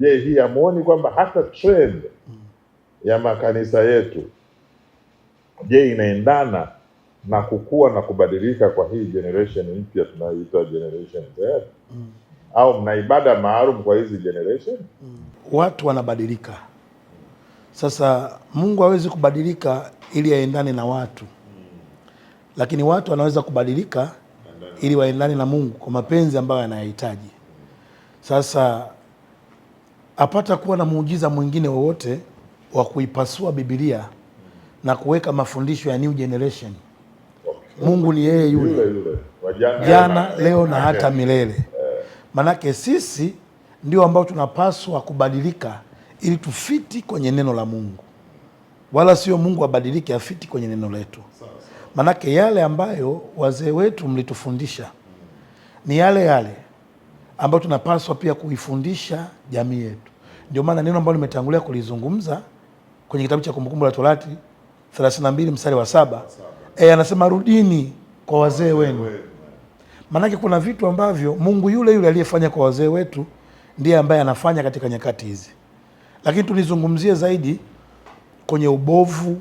Je, hii amuoni kwamba hata trend ya makanisa yetu je, inaendana na kukua na kubadilika kwa hii generation mpya tunayoita generation Z mm. au mna ibada maalum kwa hizi generation mm. Watu wanabadilika sasa. Mungu hawezi kubadilika ili aendane na watu mm. lakini watu wanaweza kubadilika ili waendane na Mungu kwa mapenzi ambayo anayahitaji sasa hapata kuwa na muujiza mwingine wowote wa kuipasua Biblia na kuweka mafundisho ya new generation. Mungu ni yeye yule jana, leo na hata milele. Eh. Manake sisi ndio ambao tunapaswa kubadilika ili tufiti kwenye neno la Mungu, wala sio Mungu abadilike afiti kwenye neno letu. Manake yale ambayo wazee wetu mlitufundisha ni yale yale ambayo tunapaswa pia kuifundisha jamii yetu. Ndio maana neno ambalo nimetangulia kulizungumza kwenye kitabu cha Kumbukumbu la Torati 32 mstari wa saba e, anasema rudini kwa wazee wenu. Maanake kuna vitu ambavyo Mungu yule yule aliyefanya kwa wazee wetu ndiye ambaye anafanya katika nyakati hizi, lakini tulizungumzie zaidi kwenye ubovu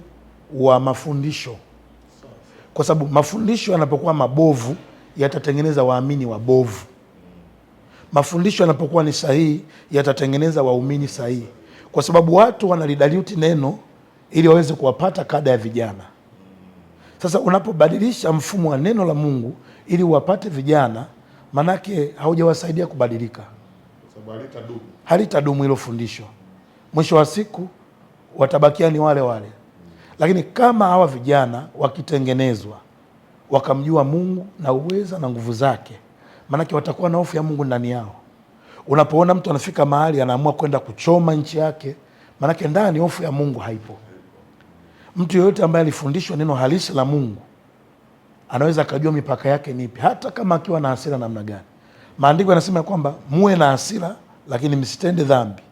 wa mafundisho, kwa sababu mafundisho yanapokuwa mabovu yatatengeneza waamini wabovu. Mafundisho yanapokuwa ni sahihi yatatengeneza waumini sahihi, kwa sababu watu wanalidaluti neno ili waweze kuwapata kada ya vijana. Sasa unapobadilisha mfumo wa neno la Mungu ili uwapate vijana, manake haujawasaidia kubadilika, halitadumu hilo fundisho. Mwisho wa siku watabakia ni wale wale. Lakini kama hawa vijana wakitengenezwa, wakamjua Mungu na uweza na nguvu zake maanake watakuwa na hofu ya Mungu ndani yao. Unapoona mtu anafika mahali anaamua kwenda kuchoma nchi yake, maanake ndani hofu ya Mungu haipo. Mtu yoyote ambaye alifundishwa neno halisi la Mungu anaweza akajua mipaka yake ni ipi, hata kama akiwa na hasira namna gani. Maandiko yanasema kwamba muwe na hasira, lakini msitende dhambi.